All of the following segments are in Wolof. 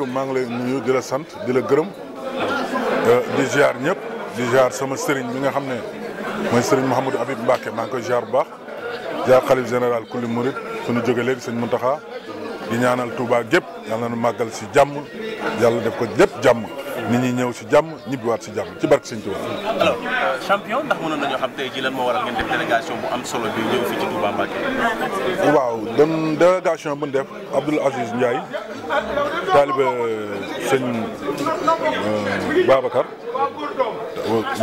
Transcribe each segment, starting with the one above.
Fatou maa ngi lay nuyu di la sant di la gërëm euh, di ziar ñëpp di ziar sama sëriñ bi nga xam ne mooy sëriñ Mouhamadou Habib Mbacke maa ngi koy ziar bu baax ziar xalif général kulli murid suñu jóge léegi sëñ Mountakha di ñaanal Touba gépp yàlla na màggal si jàmm yàlla def ko jëpp jàmm nit ñi ñëw si jàmm ñibbiwaat si jàmm ci barke sëñ Touba. champion ndax mënoon nañoo xam tey jii moo waral ngeen def délégation bu am solo bi ñëw ci Touba Mbacke. waaw dem délégation taalibe sëñ euh, Babacar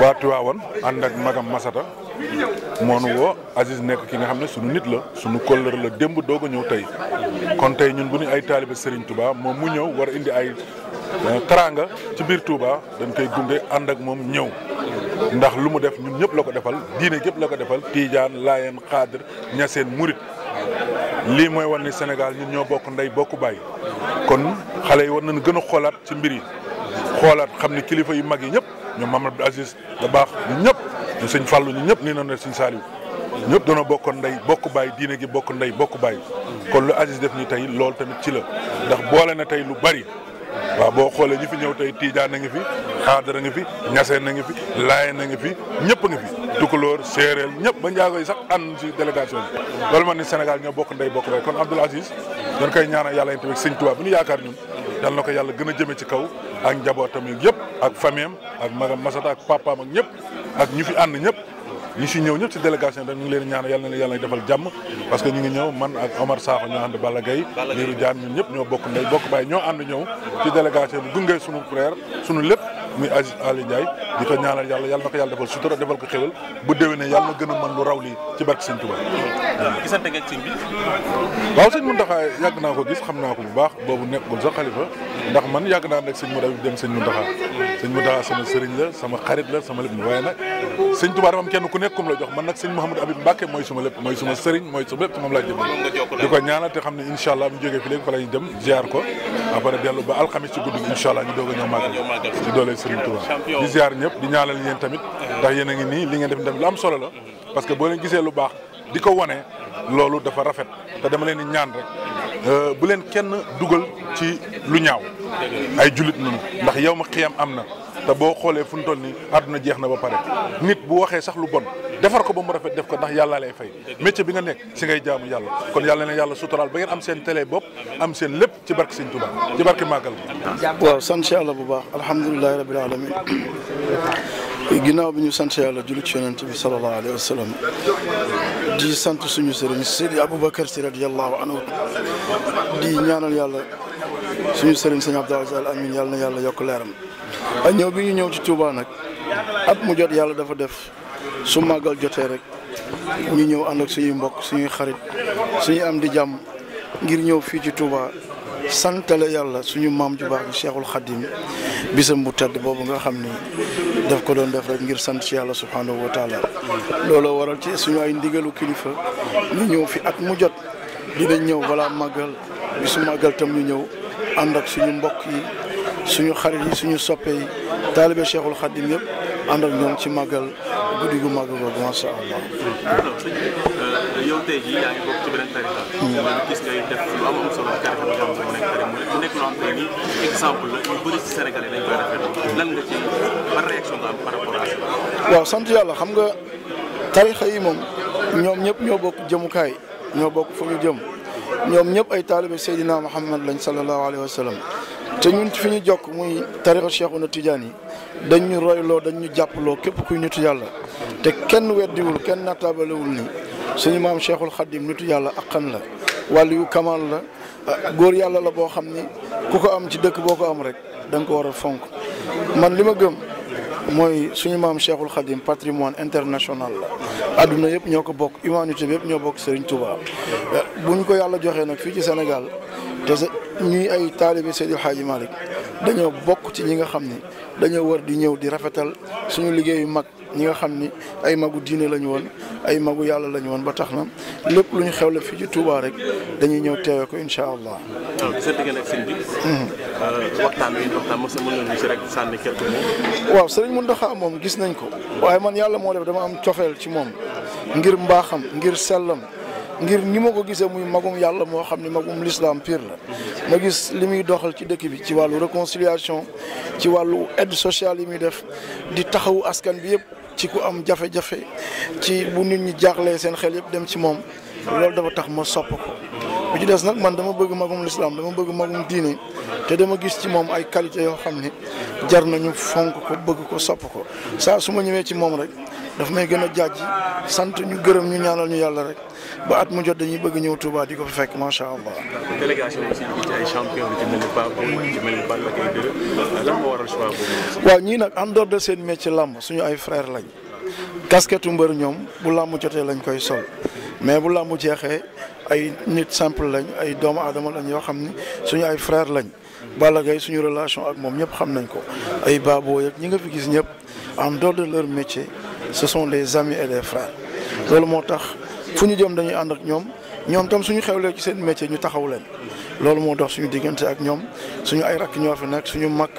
waa Tiwaawan ànd ak magam Masata moonu woo Aziz nekk ki nga xam ne sunu nit la sunu kóllëre la démb doog ñëw tey kon tey ñun bu ñu ay taalibe sëriñ Touba moom mu ñëw war indi ay euh, teraanga ci biir Touba dañ koy gunge ànd ak moom ñëw ndax lu mu def ñun ñëpp la ko defal diine gépp la ko defal Tiijaan Laayeen Xaadir Ñaseen Murit lii mooy wan ne Sénégal ñun ñoo bokk ndey bokk baay kon xale yi war nañ gën a xoolaat ci mbir yi xoolaat xam ne kilifa yu mag yi ñëpp ñoom Maam Abdou Aziz da baax ñu ñëpp ñu sëñ Fàllu ñu ñëpp ni na ne sëñ Saaliw ñëpp doona bokk ndey bokk bàyyi diine gi bokk ndey bokk bàyyi kon lu Aziz def ñu tey loolu tamit ci la ndax boole na tey lu bari waaw boo xoolee ñi fi ñëw tey Tiijaan na ngi fi xaadara ngi fi ñaseen na ngi fi laaye ngi fi ñëpp ngi fi tukulóor séeréer ñëpp ba njaago yi sax ànd ci délégation bi loolu man ni Sénégal ñoo bokk ndey bokk rek kon Abdoul Aziz dañ koy ñaanal yàlla yéen tamit sëñ Tuubaa bi ñu yaakaar ñun dal na ko yàlla gën a jëme ci kaw ak njabootam yëpp ak famiyam ak magam Masata ak papaam ak ñëpp ak ñu fi ànd ñëpp ñi si ñëw ñëpp si délégation bi ñu ngi leen ñaanal yàlla na yàlla defal jàmm parce que ñu ngi ñëw man ak Omar Sakho ñoo ànd Balla liiru jaan ñun ñëpp ñoo bokk ndey bokk baay ñoo ànd ñëw ci délégation bi gunge sunu frère sunu lépp muy Aziz Ali Ndiaye ko ñaanal yàlla yàlla na ko yàlla defal sutura defal ko xéwal bu ne yàlla na gën a mën lu raw lii ci barke sëñ Tuubaa. gisante nga sëñ bi. waaw sëñ Mountakha yàgg naa ko gis xam naa ko bu baax boobu nekkul sax xalifa ndax man yàgg naa nekk sëñ Mouride dem sëñ Mountakha sëñ Mouta sama sëriñ la sama xarit la sama lépp kenn ku nekk kum la jox man nag sëñ Mouhamadou Habib Mbacké mooy suma lépp mooy la ñu dem a ñëw màggal ci doole sëriñ Touba di ziar ñëpp di ñaanal yéen tamit ndax yéen a ngi nii li ngeen def tamit lu am solo la parce boo leen gisee lu baax di ko wane loolu dafa rafet te dama leen di ñaan rek euh, bu leen kenn dugal ci lu ñaaw ay jullit nunu ndax yow ma xiyam am na te boo xoolee fu mu toll nii àdduna jeex na ba pare nit bu waxee sax lu bon defar ko ba mu rafet def ko ndax yàllaa lay fay métier bi nga nekk si ngay jaamu yàlla kon yàlla na yàlla suturaal ba ngeen am seen télé bopp am seen lépp ci barke Sëñ Tuubaa ci barke màggal waaw sant yàlla bu baax alhamdulilahi rabbil alamin ginnaaw bi ñu sant yàlla julli ci yonent bi sallallahu alayhi wa sallam di sant suñu sëriñ Seydi Aboubacar Sy radiyallahu anhu di ñaanal yàlla suñu sëriñ sëñ Abdou Aziz Al Amin yàlla na yokk leeram ak ñëw bi ñu ñëw ci Touba nag at mu jot yàlla dafa def su màggal jotee rek ñu ñëw ànd ak mbokk suñuy xarit suñuy am di jàmm ngir ñëw fii ci Touba santale yàlla suñu maam ju baax ji Cheikhul Khadim bisam bu tedd boobu nga xam ni daf ko doon def rek ngir sant ci yàlla subhanahu wa taala looloo waral ci suñu ay ndigalu kilifa ñu ñëw fi ak mu jot dinañ ñëw balaa màggal bisu màggal tam ñu ñëw ànd ak suñu mbokk yi suñu xarit yi suñu soppe yi taalibe Cheikhul Khadim yëpp ànd ak ñoom ci màggal guddi gu màgg boobu macha allah. yow waaw sant yàlla xam nga tarixa yi moom ñoom ñëpp ñoo bokk jëmukaay ñoo bokk fu ñu jëm ñoom ñëpp ay taalibe Seydina Muhammad lañ sallallahu alayhi wa sallam te ñun fi ñu jokk muy tarixa na Tidiane yi dañ ñu royloo dañ ñu jàppaloo képp kuy nitu yàlla te kenn weddiwul kenn nattaabalewul ni suñu maam Cheikhul Khadim nitu yàlla ak xan la wàllu yu kamal la góor yàlla la boo xam ni ku ko am ci dëkk boo ko am rek danga ko war a fonk man li ma gëm mooy suñu maam Cheikhul Khadim patrimoine international la adduna yëpp ñoo ko bokk humanité bi yëpp ñoo bokk Serigne Touba bu ñu ko yàlla joxee nag fii ci Sénégal te ñuy ay taalibe Seydil Hadji Malick dañoo bokk ci ñi nga xam ni dañoo war di ñëw di rafetal suñu liggéeyu mag ñi nga xam ni ay magu diine lañu woon ay magu yàlla lañu woon ba tax na lépp lu ñu la fii ci Touba rek dañuy ñëw teewe ko incha allah. Mhm. Euh, waxtaan bi waxtaan mos a mën nañu moom gis nañ ko waaye man yàlla moo def dama am cofeel ci moom ngir mbaaxam ngir sellam. ngir ñu ma ko gisee muy magum yàlla moo xam ne magum l'islam piir la ma gis li muy doxal ci dëkk bi ci wàllu réconciliation ci wàllu aide sociale yi muy def di taxawu askan bi yëpp ci ku am jafe-jafe ci bu nit ñi jaaxlee seen xel yëpp dem ci moom loolu dafa tax ma sopp ko bu ci des nag man dama bëgg magum lislaam dama bëgg magum diine te dama gis ci moom ay qualité yoo xam ne jar nañu fonk ko bëgg ko sopp ko saa su ma ñëwee ci moom rek daf may gën a jaaj sant ñu gërëm ñu ñaanal ñu yàlla rek ba at mu jot dañuy bëgg ñëw Touba di ko fa fekk macha allah. délégation bi ci waaw ñii nag en dehors de seen métier làmb suñu ay frère lañ casquette mbër ñoom bu làmb jotee lañ koy sol mais bu làmb jeexee. ay nit simple lañ ay doomu aadama lañ yoo xam ni suñu ay frère lañ. Balla Gaye suñu relation ak moom ñëpp xam nañ ko. ay baaboo yeeg ñi nga fi gis ñëpp en dehors de leur métier ce sont des amis et des frères. loolu moo tax fu ñu jëm dañuy ànd ak ñoom ñoom tam suñu xewlee ci seen métier ñu taxaw leen. loolu moo dox suñu diggante ak ñoom suñu ay rakk ñoo fi nekk suñu mag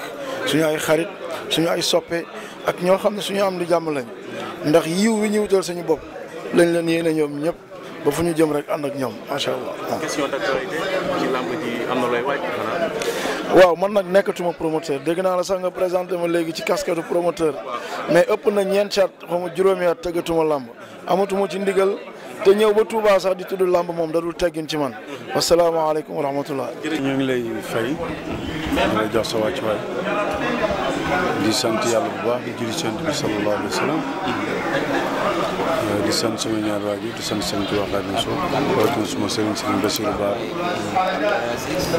suñu ay xarit suñu ay soppe ak ñoo xam ne suñu am di jàmm lañ ndax yiw wi ñu wutal suñu bopp lañ leen yéene ñoom ñëpp. ba fu ñu jëm rek ànd ak ñoom macha allah. waaw man nag nekkatuma promoteur dégg naa la sax nga présenté ma léegi ci casquette promoteur mais ëpp na ñeenti at xaw ma juróomi at tëggatuma làmb amatuma ci ndigal te ñëw ba Touba sax di tudd làmb moom da dul teggin ci man. wasalaamaaleykum wa rahmatullah. ñu ngi lay fay. ñu ngi jox sa wàccuwaay. di sant yàlla bu baax di julli sant bi sallallahu alayhi wa sallam di sant sama ñaar waajur di sant sama Tuubaa Xaadimu Rasuul rawatina suma sëriñ sëriñ Basiru Ba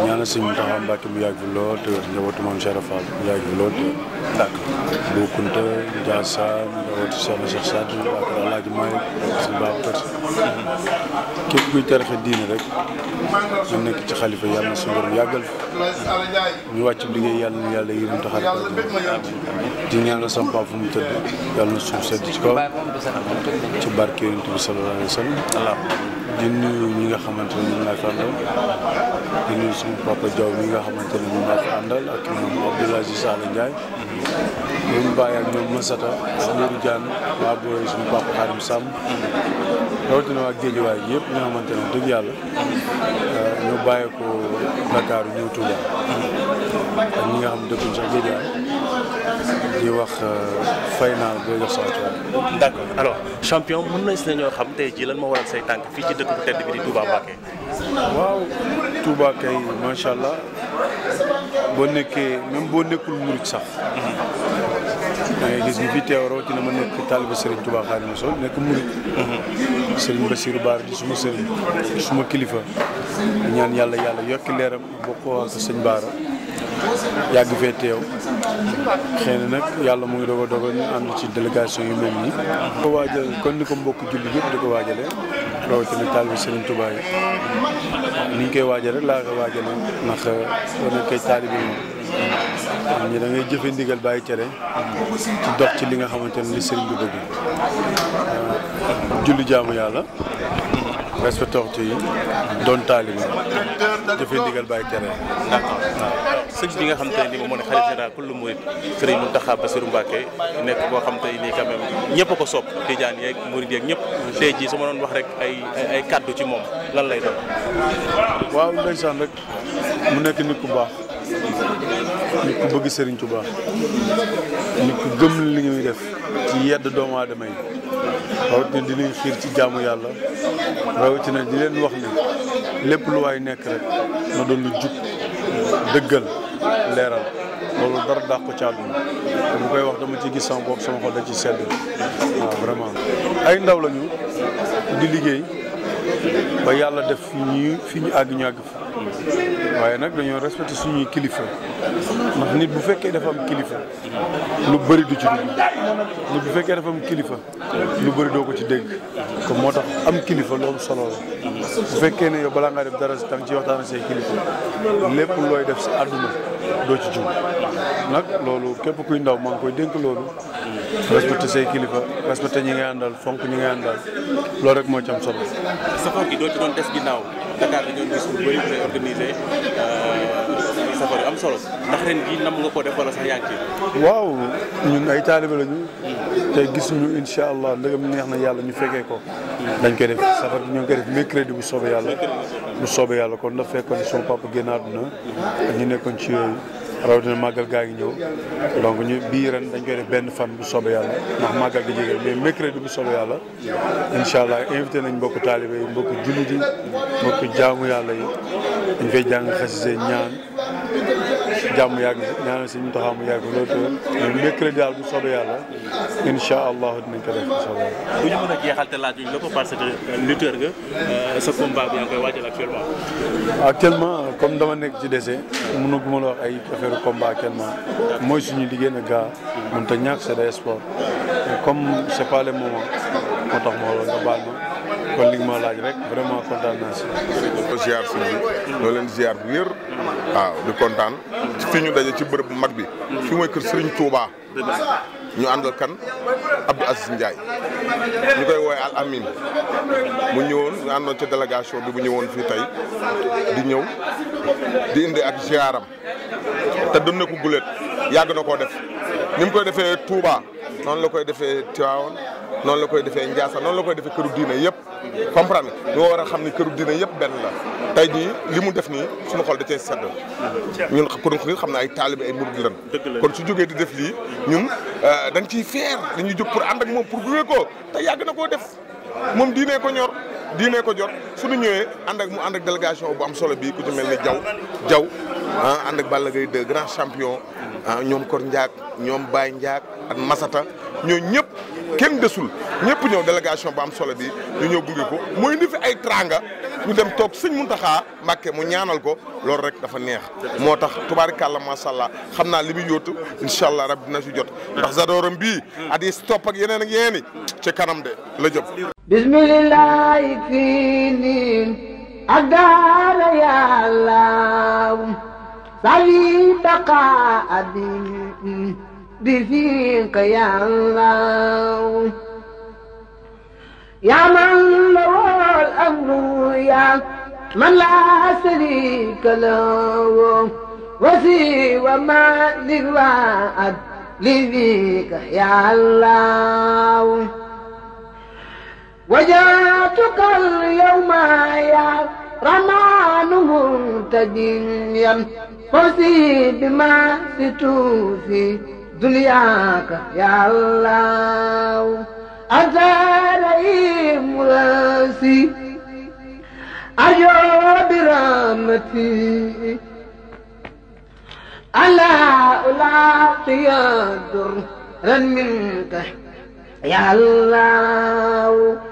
ñaanal sëñ Muntaxa Mbàkke mu yàgg lool te njabootu maam Cheikh Fall mu yàgg lool te dàkk Bou Kounta njabootu Cheikh na Cheikh Sadio ak Alaaji Maalik ak suñu Babacar Si képp kuy tarixe diine rek ñu nekk ci xalifa yàlla na suñu borom yàggal ñu wàcc liggéey yàlla na yàlla yërëm taxaw di ñaan la sama papa fu mu tëdd yàlla na suuf sedd ci kaw ci barke Yonent bi sallallahu alayhi wa sallam di nuyu ñi nga xamante ne ñoom laa fi àndal di nuyu suñu papa Diaw mi nga xamante ne ñoom laa fi àndal ak ñoom Abdoulaye Sall Ndiaye ñoom Baye ak ñoom Masata Amirou Diane waa Boye suñu papa Xaadim Samb rawatina waa Géejawaay yëpp ñoo xamante ne dëgg yàlla euh, ñoo bàyyi ko Dakar ñëw Touba ak nga xam dëkkuñ sax Géejawaay di wax euh, fay naa booy jox sa wàccuwaay. d'accord alors champion mën nañ si ne xam tey jii lan moo waral say tànk fii ci dëkk bu tedd bi di Touba Mbacké. waaw Touba kay macha allah. boo nekkee même boo nekkul murit sax da ngay gis ñu fi teew rawatina ma nekk taaliba Serigne Touba Xaadimu Rasuul nekk murit Serigne Bassirou baar di suma Serigne suma kilifa ñaan yàlla yàlla yokki leeram bokkoo ak Sëñ Bara yàgg fee teew xëy nag yàlla mu ngi doog a doog ànd ci délégation yu mel nii. ko waajal kon ni ko mbokk julli yëpp di ko waajale rawatina taalibe Serigne Touba yi ni ñu koy waajal rek laa ko waajale ndax war na koy jëfe ndigal bàyyi cere ci dox ci li nga xamante ne li sëriñ bi bëgg julli jaamu yàlla respecté waxtu yi doon taalibe jëfe ndigal bàyyi cere sëñ bi nga xam te ni moom moo ne xalifa général kullu murid sëriñ Mountakha Bassirou Mbacké nekk koo xam te ni quand même ñëpp ko sopp tijaan yeeg murid yeeg ñëpp tey jii su ma doon wax rek ay ay kaddu ci moom lan lay doon. waaw ndeysaan rek mu nekk nit ku baax nit ku bëgg sëriñ Tuubaa nit ku gëm li ñuy def ci yedd doomu aadama yi rawatina di leen xiir ci jaamu yàlla rawatina di leen wax ne lépp lu waay nekk rek na doon lu jub dëggal leeral loolu dara dàq ko ci àdduna te bu koy wax dama ci gis sama bopp sama xol da ci sedd ay ndaw lañu di liggéey ba yàlla def fi ñu ñu àgg ñu àgg fa waaye nag dañoo respecté suñuy kilifa ndax nit bu fekkee dafa am kilifa lu bëri du ci fekkee dafa kilifa lu bëri doo ko ci dégg kon moo tax am kilifa loolu solo la bu fekkee ne yow balaa ngaa def dara si ci waxtaan ak kilifa lépp looy def si àdduna doo ci jum nag loolu képp kuy ndaw maa ngi koy dénk loolu respecté say kilifa respecté ñi ngay àndal fonk ñi ngay àndal loolu rek moo ci solo. safoor gi doo am solo ndax ren nga ko def wala sax yaa ngi waaw ñun ay taalibe lañu. te gis ñu incha allah ndëgam neex na yàlla ñu fekkee ko. dañ koy def safar bi ñu ngi koy def mercredi bu soobee yàlla. bu soobee yàlla kon daf fekkoon ñu nekkoon ci yooyu. rawatina màggal gaa ngi ñëw donc ñu bii ren dañ koy def benn fan bu soobee yàlla ndax màggal gi jege mais mercredi bu soobee yàlla incha allah invité nañ mbokku taalibe yi mbokku jullit yi mbokku jaamu yàlla yi dañ fay jàng xasise ñaan. jàmm yàgg ñaanal si ñu taxaw mu yàgg loolu te mercredi daal bu soobee yàlla incha allah yàlla. bu ñu mën a parce que lutteur nga euh, sa combat bi yaa ngi koy waajal actuellement. comme dama nekk ci dese mënaguma la wax ay affaire combat actuellement mooy suñu liggéey na gaa mënut a ñàkk c'est des comme c'est pas le moment moo tax moo loolu nga baal ma. kon li nga ma laaj rek vraiment kontaan naa si. ko ziar si bi loo leen ziar bu wér. waaw di kontaan. fii ñu daje ci bërëb bu mag bi. fii mooy kër Serigne Touba. ñu àndal kan Abdou Aziz Ndiaye ñu koy woowee Al Amin mu ñëwoon ñu àndoon ci délégation bi bu ñëwoon fii tey di ñëw di indi ak ziaram te doon na ko guléet yàgg na koo def ni mu koy defee Touba noonu la koy defee Tivaouane noonu la koy defee Ndiassa noonu la koy defee këru diine yëpp comprendre nga war a xam ni këru diine yëpp benn la tey jii li mu def nii suñu xol da cee sedd ñun kuréel kuréel xam ne ay taalibe ay murid lan kon su jógee di def lii ñun euh, dañ ciy feer dañuy jóg pour ànd ak moom pour gunge ko te yàgg na koo def moom diine ko ñor diine ko jot suñu ñëwee ànd ak mu ànd ak délégation bu am solo bii ku mel ni Diaw Diaw ah ànd ak Balla Gaye 2 grand champion ah ñoom Kor Ndiak ñoom Baye Ndiak ak Masata ñoo ñëpp kenn desul ñëpp ñëw délégation bu am solo bi ñu ko mooy indi fi ay tranga ñu dem toog sëñ taxa Mbàkke mu ñaanal ko loolu rek dafa neex moo tax tubaarikàlla macha allah xam naa li muy yóotu incha allah rab dina si jot ndax zadooram bii at yi topp ak yeneen ak yeneeni ce kanam de la jëm bismillahi fii nii ak daara yàlla سلي بقاء بفيق يا الله يا من له الأمر يا من لا شريك له وسوى ما للوعد لذيك يا الله وجاتك اليوم يا رمان منتجيا فوزي بما ستوفي دنياك يا الله أنت رئيم راسي أرجو برحمتي ألا ألاقي الدر منك يا الله